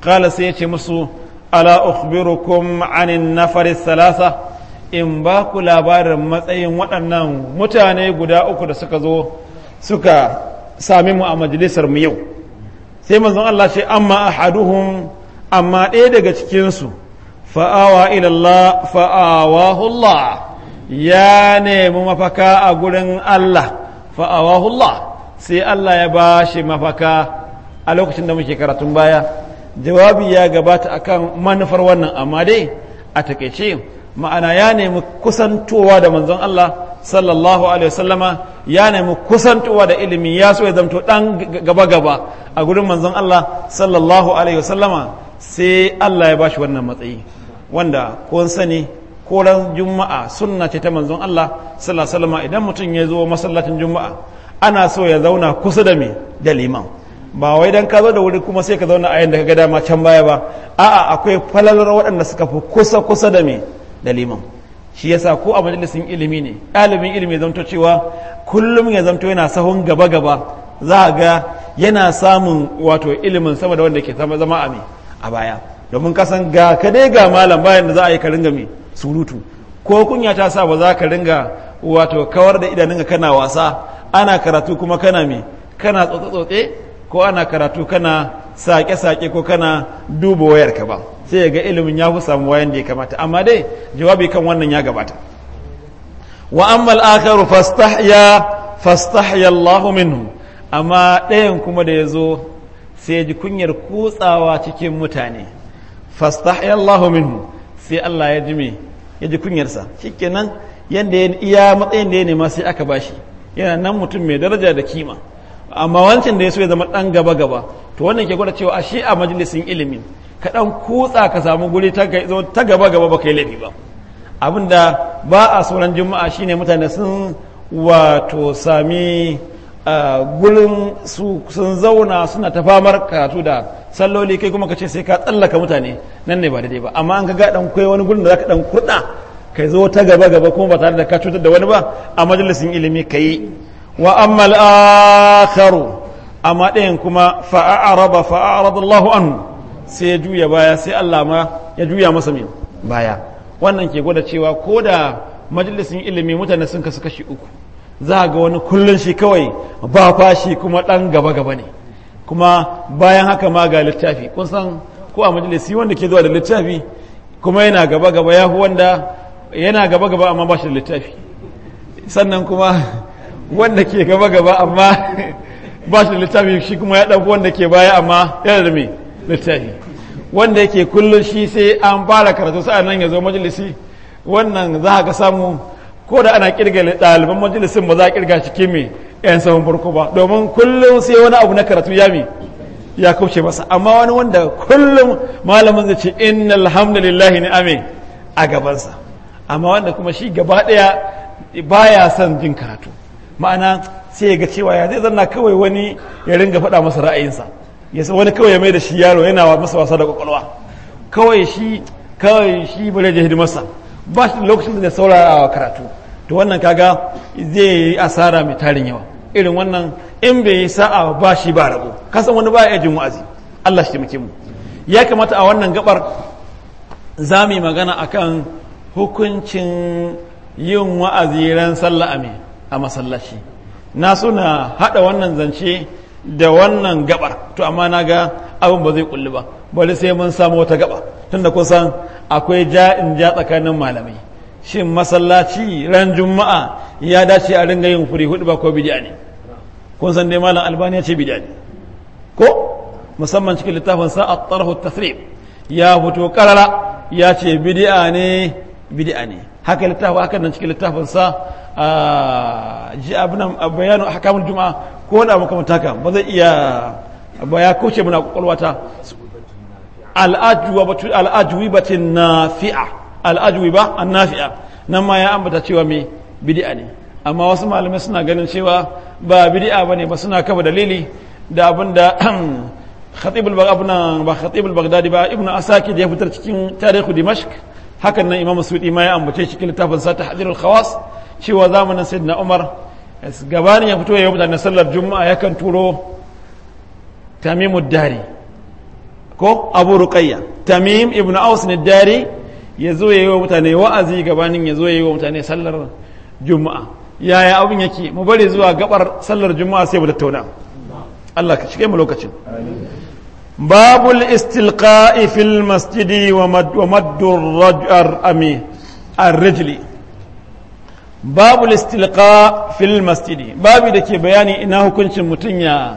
kala sai ya ce musu ala ukhbirukum anin nafaris salasa in ba ku labarin matsayin waɗannan mutane guda uku da suka zo suka sami mu a majalisar mu yau sai manzon Allah ce amma ahaduhum amma ɗaya daga cikinsu fa'awa ilallah fa'awahu Allah ya nemi mafaka a gurin Allah fa'awahu Allah sai Allah ya ba shi mafaka a lokacin da muke karatun baya jawabi ya gabata akan manufar wannan amma dai a takaice ma'ana ya nemi kusantowa da manzon Allah sallallahu alaihi wasallama ya nemi kusantowa da ilimi ya so ya zamto ɗan gaba gaba a gurin manzon Allah sallallahu alaihi wasallama sai Allah ya bashi wannan matsayi wanda kun sani koran juma'a sunna ce ta manzon Allah sallallahu alaihi wasallama idan mutum ya zo masallacin juma'a ana so ya zauna kusa da me da liman ba wai dan ka zo da wuri kuma sai ka zauna a yanda ka ga dama can baya ba a'a akwai falalar waɗanda suka fi kusa kusa da me da liman shi yasa ko a majalisin ilimi ne ɗalibin ilimi zamto cewa kullum ya zamto yana sahun gaba gaba za a ga yana samun wato ilimin sama da wanda ke zama a a baya domin kasan ga ka ga malam bayan da za a yi ka ringa mai surutu ko kunya ta sa ba za ka ringa wato kawar da idanunka kana wasa ana karatu kuma kana mai kana tsotse-tsotse ko ana karatu kana sake-sake ko kana duba wayarka ba sai ya ga ilimin ya fi wayan da ya kamata amma dai jawabi kan wannan ya gabata wa ammal akharu fastahya fastahya Allahu minhu amma ɗayan kuma da ya zo sai ji kunyar kutsawa cikin mutane fastahya Allahu minhu sai Allah ya ji me ya ji kunyarsa shikenan yanda ya iya matsayin da ya nema sai aka bashi yana nan mutum mai daraja da kima amma wancan da ya so ya zama dan gaba gaba to wannan ke gwada cewa a shi a majalisin ilimin Kaɗan kutsa ka samu guri ta gaba gaba ba kai laifi ba abinda ba a sauran juma'a shine mutane sun wato sami gurin sun zauna suna ta famar karatu da salloli kai kuma ka ce sai ka tsallaka mutane nan ne ba daidai ba amma an ga dan kai wani gurin da zaka dan kurda kai zo ta gaba gaba kuma ba tare da ka cutar da wani ba a majalisin ilimi kai wa amma al-akharu amma ɗayan kuma fa a'raba fa a'rada Allahu anhu sai ya juya baya sai Allah ma ya juya masa min baya wannan ke gwada cewa ko da majalisun ilimi mutane sun kasu kashi uku za ga wani kullum shi kawai ba fashi kuma dan gaba gaba ne kuma bayan haka ma ga littafi kun san ko a majalisi wanda ke zuwa da littafi kuma yana gaba gaba ya wanda yana gaba gaba amma ba shi da littafi sannan kuma wanda ke gaba gaba amma ba shi da littafi shi kuma ya ɗauki wanda ke baya amma yana da mai littafi wanda yake kullum shi sai an fara karatu sa'an nan ya zo majalisi wannan za ka samu ko da ana kirga ɗaliban majalisin ba za a kirga cikin mai yan saman farko ba domin kullum sai wani abu na karatu ya mi ya kauce masa amma wani wanda kullum malamin zai ce inna alhamdulillahi ni ame a gabansa amma wanda kuma shi gaba ɗaya baya son jin karatu ma'ana sai ya ga cewa ya zai zanna kawai wani ya ringa faɗa masa ra'ayinsa ya wani kawai ya mai da shi yaro yana masa wasa da kwakwalwa kawai shi kawai shi bare da hidimarsa ba shi lokacin da ya saurara karatu to wannan kaga zai yi asara mai tarin yawa irin wannan in bai yi sa'a ba shi ba rabo kasan wani ba ya jin wa'azi Allah shi mu ya kamata a wannan gabar za mu yi magana akan hukuncin yin wa'azi ran sallah a masallaci na suna hada wannan zance da wannan gabar to amma na ga abin ba zai kulli ba bari sai mun samu wata gaba tunda san akwai ja in ja tsakanin malamai shin masallaci ran juma'a ya dace a ringa yin furi hudu ba ko bid'a ne kun san dai malam albani ya ce bid'a ne ko musamman cikin littafin sa at-tarhu tasrib ya fito karara ya ce bid'a ne bid'a ne haka littafin haka nan cikin littafin sa a ah, ji abin bayanu ahkamul juma'a ko da abu kamar taka ba zai iya ba ya kauce muna kwakwalwata al'ajuwibatin nafi'a ba an nafi'a nan ma ya ambata cewa mai bidi'a ne amma wasu malamai suna ganin cewa ba bidi'a ba ne ba suna kama dalili da abin da khatibul bagdadi ba khatibul bagdadi ba ibnu asaki da ya fitar cikin tarihu dimashq hakan nan imam suudi ma ya ambace cikin littafin sa tahzirul khawas cewa zamanin sayyidina umar gabanin ya fito ya yi mutane sallar juma'a yakan turo tamimu dari ko abu ruqayya tamim ibn aus ne dari ya zo ya yi wa mutane wa'azi gabanin ya zo ya yi wa mutane sallar juma'a yaya abin yake mu bari zuwa gabar sallar juma'a sai mu tattauna Allah ka cike mu lokacin babul istilqa'i fil masjidi wa maddu ar-rajli babu listilqa fil masjidi babu da ke bayani ina hukuncin mutum ya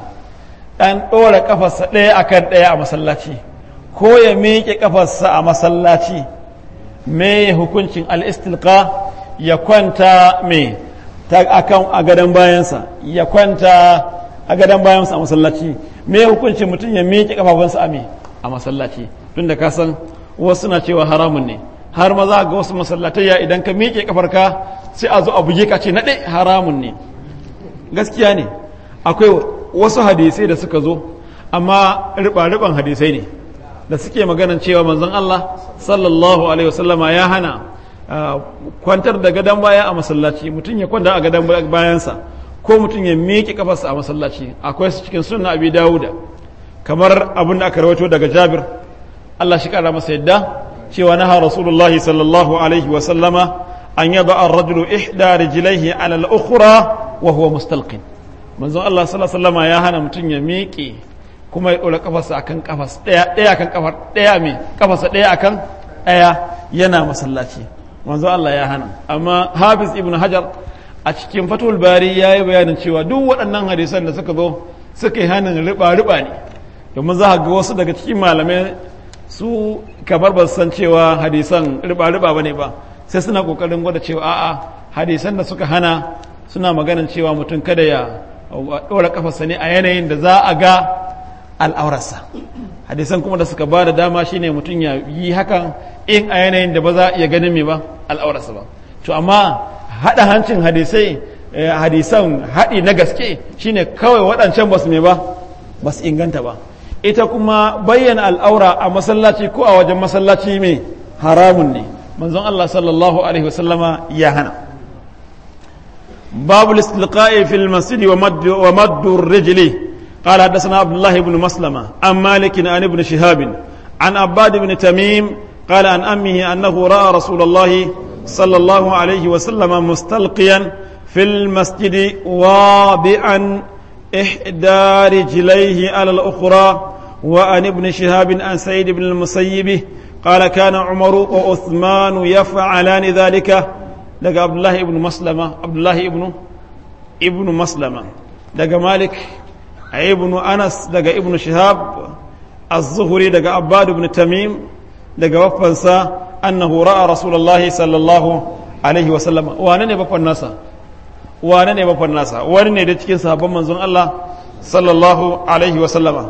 ɗan ɗora kafarsa ɗaya akan ɗaya a masallaci ko ya miƙe kafarsa a masallaci me hukuncin al'istilqa ya kwanta me akan a gadon bayansa ya kwanta a gadon bayansa a masallaci me hukuncin mutum ya miƙe kafafunsa a me a masallaci tunda da kasan wasu na cewa haramun ne har maza ga wasu masallatai masallatayya idan ka miƙe kafarka sai a zo a buge ka ce naɗe haramun ne gaskiya ne akwai wasu hadisai da suka zo amma riba-riban hadisai ne da suke maganan cewa manzon Allah sallallahu alaihi wasallama ya hana kwantar da gadon baya a masallaci mutum ya kwanta a gadon bayansa ko mutum ya miƙe kafarsa a masallaci akwai su cikin sunna abi dawuda kamar abin da aka rawaito daga jabir Allah shi kara masa yadda cewa naha rasulullahi sallallahu alaihi wa sallama an yaba ar-rajulu ihda rijlaihi ala al-ukhra wa huwa mustalqin manzon Allah sallallahu alaihi ya hana mutum ya miƙe kuma ya ɗora kafarsa akan kafas ɗaya ɗaya akan kafar ɗaya me kafarsa ɗaya akan ɗaya yana masallaci manzon Allah ya hana amma Hafiz ibnu Hajar a cikin Fathul Bari yayi bayanin cewa duk waɗannan hadisan da suka zo suka yi hanin riba riba ne domin za ga wasu daga cikin malamai su kamar ba san cewa hadisan riba-riba ba ne ba sai suna kokarin gwada cewa a'a hadisan da suka hana suna maganin cewa mutum kada ya ɗora kafarsa ne a yanayin da za a ga al'aurarsa hadisan kuma da suka ba da dama shine mutum ya yi hakan in a yanayin da ba za a iya ganin mai ba al'aurarsa ba to amma haɗa hancin hadisai eh, hadisan haɗi na gaske shine kawai waɗancan ba su mai ba ba inganta ba ita kuma bayyana al'aura a masallaci ko a wajen masallaci mai haramun ne manzon Allah sallallahu alaihi wasallama ya hana babu istilqa'i fil masjid wa maddu wa maddu rijli قال حدثنا عبد الله بن مسلمة عن مالك عن ابن شهاب عن عباد بن تميم قال عن أمه أنه رأى رسول الله صلى الله عليه وسلم مستلقيا في المسجد وابعا إحدى رجليه على الأخرى وعن ابن شهاب عن سيد بن المسيب قال كان عمر وعثمان يفعلان ذلك لقى عبد الله بن مسلمة عبد الله بن ابن مسلمة لقى مالك ابن أنس لقى ابن شهاب الزهري لقى عباد بن تميم لقى وفنسا أنه رأى رسول الله صلى الله عليه وسلم وأنا بفنسا wane ne mafan nasa wani ne da cikin sahabban manzon Allah sallallahu alaihi wa sallama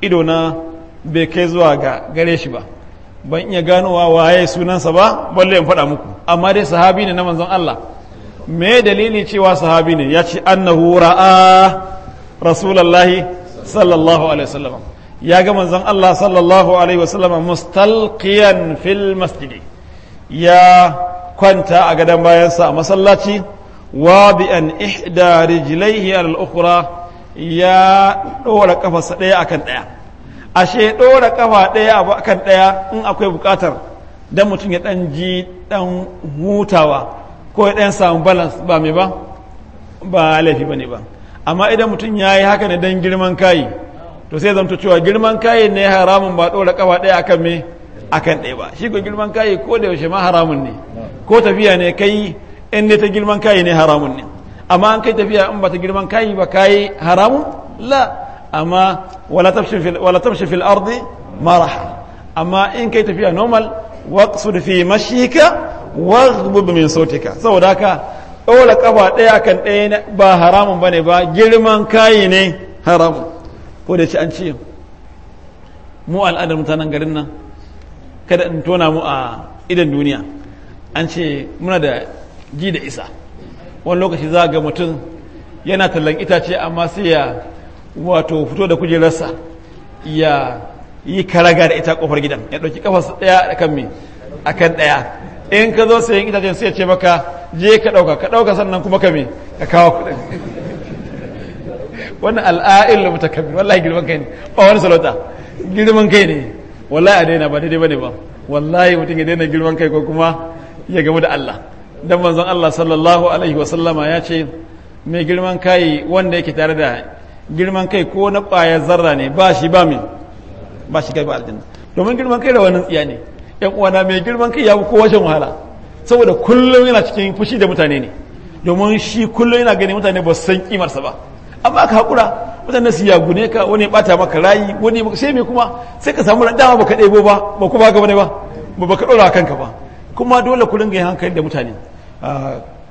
ido na bai kai zuwa ga gare shi ba ban iya ganowa waye sunansa ba balle in faɗa muku amma dai sahabi ne na manzon Allah me dalili cewa sahabi ne ya ce annahu ra'a rasulullahi sallallahu alaihi wasallam ya ga manzon Allah sallallahu alaihi wasallam mustalqiyan fil masjidi ya kwanta a gadon bayansa a masallaci wabi'an ihda rijlaihi al ukhra ya dora kafarsa daya akan daya ashe dora kafa daya akan daya in akwai bukatar dan mutum ya dan ji dan hutawa ko ya dan samu balans ba me ba ba laifi bane ba amma idan mutum ya yi haka ne dan girman kayi to sai zamto cewa girman kayi ne haramun ba dora kafa daya akan me akan daya ba shi ko girman kayi ko da yaushe ma haramun ne ko tafiya ne kai in ne ta girman kayi ne haramun ne amma an kai tafiya in ba ta girman kayi ba kayi haramun la amma wala tamshi fil ardi maraha amma in kai tafiya normal waqsud fi mashika waghdud min sautika saboda haka dole kafa ɗaya kan ɗaya ba haramun bane ba girman kayi ne haramun ko da ci an ce mu al'adar mutanen garin nan kada in tona mu a idan duniya an ce muna da ji da isa wani lokaci za ga mutum yana tallan itace amma sai ya wato fito da kujerarsa ya yi karaga da ita kofar gidan ya ɗauki kafarsa ɗaya da kan me a kan ɗaya in ka zo sayan itacen sai ya ce maka je ka ɗauka ka ɗauka sannan kuma ka me ka kawo kuɗin wani al'a'il da mutakabbir wallahi girman kai ne ba wani salota girman kai ne wallahi a daina ba daidai ne ba wallahi mutum ya daina girman kai ko kuma ya gamu da Allah dan manzon Allah sallallahu alaihi wa sallama ya ce mai girman kai wanda yake tare da girman kai ko na ƙwayar zarra ne ba shi ba mai ba shi kai ba aljanna domin girman kai da wani tsiya ne yan uwana mai girman kai ya fi kowa shan wahala saboda kullum yana cikin fushi da mutane ne domin shi kullum yana gani mutane ba san san kimarsa ba amma aka hakura mutane su ya gune ka wani bata maka rayi wani sai me kuma sai ka samu dama baka ɗebo ba ba kuma ka bane ba ba ka ɗora kanka ba kuma dole ku ringa hankali da mutane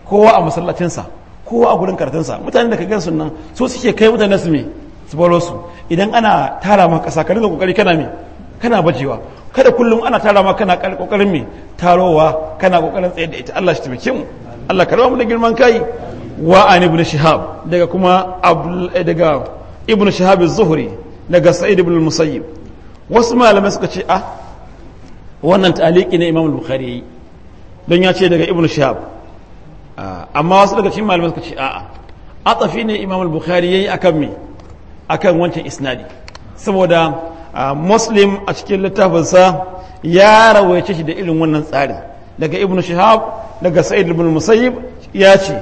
kowa a masallacinsa kowa a gurin karatunsa mutane da ka sunan so suke kai mutane su mai su baro su idan ana tara maka kasa ka kokari kana mai kana bajewa kada kullum ana tara maka kana kokarin mai tarowa kana kokarin tsaye da ita Allah shi taimake mu Allah karba mu da girman kai wa an ibn shihab daga kuma eh, daga ibn shihab az-zuhri daga sa'id ibn musayyib wasu malamai suka ce a ah, wannan taliki ne imam al-bukhari don ya ce daga ibn shihab Ah, amma wasu daga cikin malamai suka ce a'a atafi ne imam al-bukhari yayi akan me akan wancan isnadi saboda ah, muslim a cikin littafinsa ya rawaice shi da irin wannan tsarin daga ibnu shihab daga sa'id ibn musayyib ya ce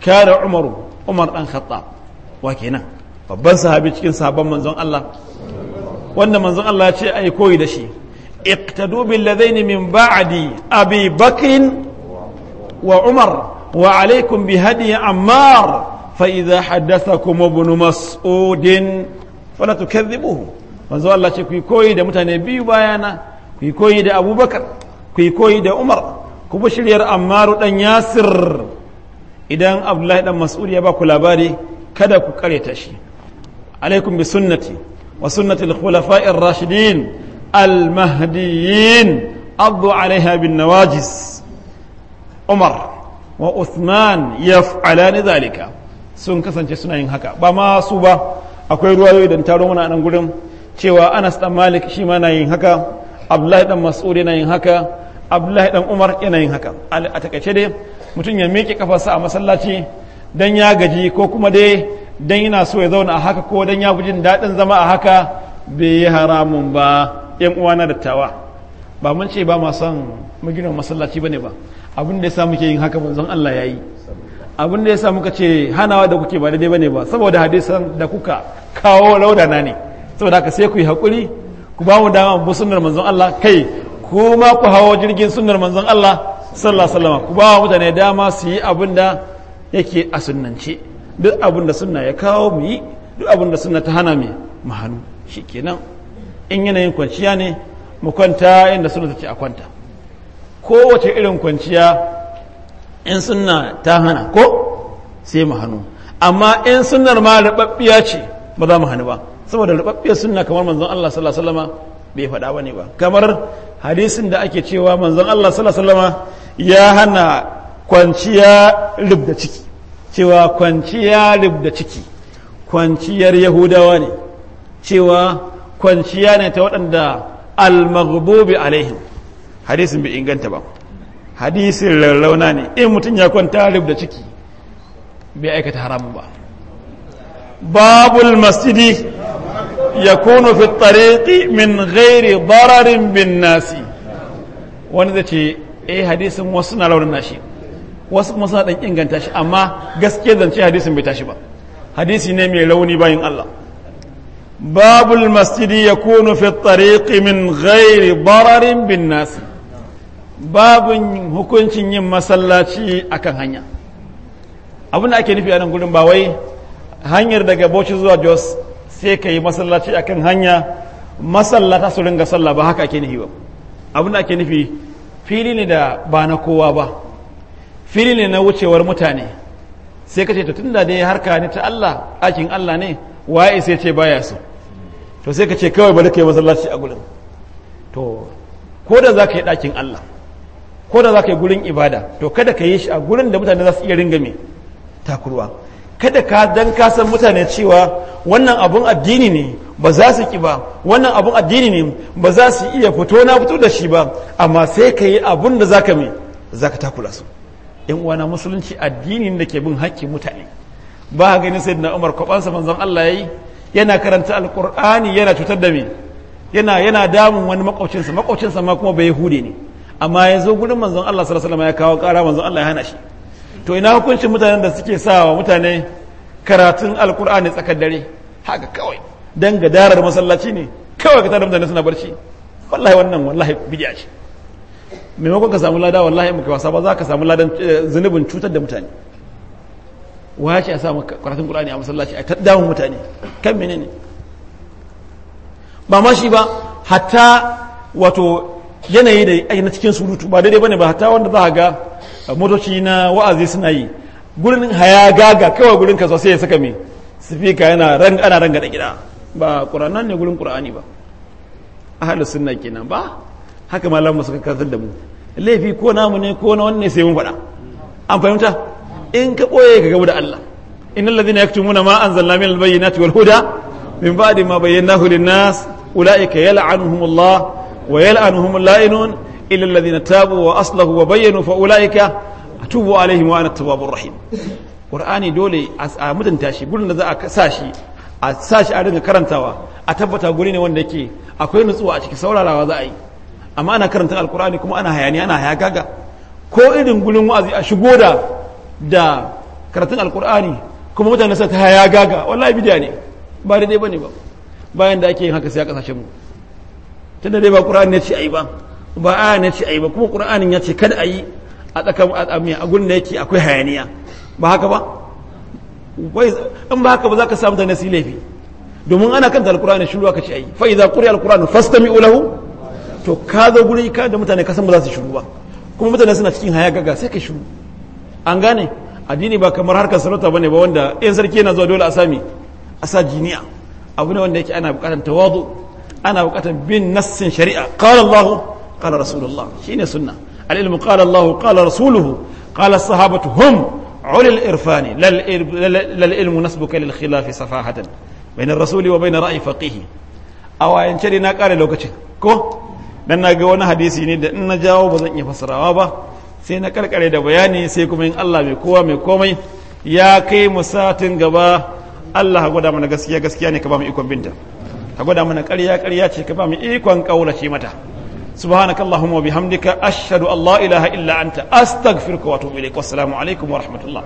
kare umaru umar dan khattab wa kenan babban sahabi cikin sahabban manzon Allah wanda manzon Allah ya ce ai koyi da shi iqtadu bil ladaini min ba'di abi bakrin wa umar وعليكم بهدي عمار فإذا حدثكم ابن مسعود فلا تكذبوه manzo Allah ce ku yi koyi da mutane biyu bayana ku yi koyi da abubakar ku da umar ku bi shiryar ammaru dan yasir idan abdullahi dan mas'ud ya ba ku labari kada ku kareta shi alaikum bi sunnati wa sunnati al-khulafa'ir rashidin al-mahdiyyin addu alaiha bin nawajis umar wa Uthman yaf'alani zalika sun kasance suna yin haka ba ma su ba akwai ruwayoyi da taro mana nan gurin cewa Anas dan Malik shi ma na yin haka Abdullahi dan Mas'ud yana yin haka Abdullahi dan Umar yana yin haka a takaice dai mutum ya miƙe kafarsa a masallaci dan ya gaji ko kuma dai dan yana so ya zauna a haka ko dan ya jin daɗin zama a haka bai yi haramun ba yan uwana dattawa ba mun ce ba ma son maginan masallaci ne ba abin da ya sa muke yin haka manzon Allah ya yi abin da ya sa muka ce hanawa da kuke ba daidai ne ba saboda hadisan da kuka kawo na ne saboda haka sai ku yi haƙuri ku ba mu dama bu sunnar manzon Allah kai kuma ku hawo jirgin sunnar manzon Allah sallallahu alaihi ku ba mutane dama su yi abin da yake a sunnance duk abin da sunna ya kawo mu yi duk abin da sunna ta hana mu mu hannu shikenan in yanayin kwanciya ne mu kwanta inda sunna ta ce a kwanta kowace irin kwanciya in sunna ta hana ko sai mu hannu amma in sunnar ma rubabbiya ce ba za mu hannu ba saboda rubabbiyar sunna kamar manzon Allah sallallahu alaihi bai faɗa bane ba kamar hadisin da ake cewa manzon Allah sallallahu alaihi ya hana kwanciya rubda ciki cewa kwanciya rubda ciki kwanciyar yahudawa ne cewa kwanciya ne ta waɗanda al-maghdubi alaihim hadisin bai inganta ba hadisin rarrauna ne in mutum ya kwanta rib da ciki bai aikata haramun ba babul masjidi ya kuno fi tariqi min gairi bararin bin nasi wani zai ce eh hadisin wasu na raunin shi wasu kuma suna dan inganta shi amma gaskiya zance hadisin bai tashi ba hadisi ne mai launi bayan Allah babul masjidi ya kuno fi tariqi min gairi bararin bin nasi babin hukuncin yin masallaci akan hanya abin da ake nufi a nan gudun ba wai hanyar daga bauchi zuwa jos sai ka yi masallaci akan hanya masallata su ringa sallah ba haka ake nufi ba abin da ake nufi fili ne da ba na kowa ba fili ne na wucewar mutane sai ka ce to tunda dai harka ne ta Allah ɗakin Allah ne waye sai ce baya so to sai ka ce kawai bari ka yi masallaci a gudun to ko da za ka yi ɗakin Allah ko da za ka yi gurin ibada to kada ka yi shi a gurin da mutane za su iya ringa mai takurwa kada ka dan ka san mutane cewa wannan abun addini ne ba za su ki ba wannan abun addini ne ba za su iya fito na fito da shi ba amma sai ka yi abun da za ka mai za ka takura su yan uwana musulunci addini da ke bin haƙƙin mutane ba a ganin sai na umar kwabansa manzon allah ya yi yana karanta alƙur'ani yana cutar da me yana yana damun wani maƙwabcinsa maƙwabcinsa ma kuma bai hude ne amma ya zo gurin manzon Allah sallallahu ya kawo ƙara manzon Allah ya hana shi to ina hukuncin mutanen da suke sa wa mutane karatun alkur'ani tsakar dare haka kawai dan gadarar masallaci ne kawai ka tada mutane suna barci wallahi wannan wallahi bid'a ce maimakon ka samu lada wallahi muka wasa ba za ka samu ladan eh, zunubin cutar da mutane wa a samu karatun qur'ani a masallaci a taddamu mutane kan menene ba ma shi ba hatta wato yanayi da ai na cikin surutu ba daidai bane ba hatta wanda za ga motoci na wa'azi suna yi gurin haya gaga kawai gurin kaso sai ya saka mai sifika yana ran ana ranga da gida ba qur'anan ne gurin qur'ani ba ahlus sunna kenan ba haka malamu suka karantar da mu laifi ko namu ne ko na wanne sai mun faɗa an fahimta in ka ɓoye ka gabu da Allah innal ladhina yaktumuna ma anzalna min bayyinati wal huda min ba'di ma bayyanahu lin-nas ulaika yal'anuhum Allah wa yal'anuhum la'inun illa alladhina tabu wa aslahu wa bayyanu fa ulaika atubu alaihim wa ana tawwabur rahim qur'ani dole a mutunta shi gurin da za a sa shi a sa shi a dinga karantawa a tabbata guri ne wanda yake akwai nutsuwa a ciki saurarawa za a yi amma ana karanta alkur'ani kuma ana hayani ana hayagaga ko irin gurin wa'azi a shigo da da karatun alkur'ani kuma mutane sa ta hayagaga ga bidiya ne ba daidai bane ba bayan da ake yin haka sai a kasashen mu tunda dai ba qur'ani ya ce yi ba ba aya ne ce yi ba kuma qur'anin ya ce kada yi a tsakan a gurin da yake akwai hayaniya ba haka ba in ba haka ba za ka samu da nasi laifi domin ana kanta alkur'ani shiru aka ce ayi fa idza quriya alqur'anu fastami'u lahu to ka zo guri ka da mutane ka san ba za su shiru ba kuma mutane suna cikin haya gaga sai ka shiru an gane addini ba kamar harkar sarauta bane ba wanda yan sarki yana zuwa dole a sami a sa jiniya abu ne wanda yake ana bukatar tawadu ana bukatar bin nassin shari'a qala allahu qala rasulullah shine sunna al ilmu qala allahu qala rasuluhu qala sahabatu hum ulil irfani lal ilmu nasbuka lil khilafi safahatan bain ar-rasuli wa bain ra'yi faqih awayan cire na kare lokacin ko dan na ga wani hadisi ne da in na jawo ba zan iya fasarawa ba sai na karkare da bayani sai kuma in Allah mai kowa mai komai ya kai musatin gaba Allah ya gwada mana gaskiya gaskiya ne ka ba mu ikon binta ka gwada mana ƙarya ƙarya ce ka ba ikon ƙaulace mata subhanaka allahumma wa bihamdika ilaha illa anta astaghfiruka wa atubu ilaik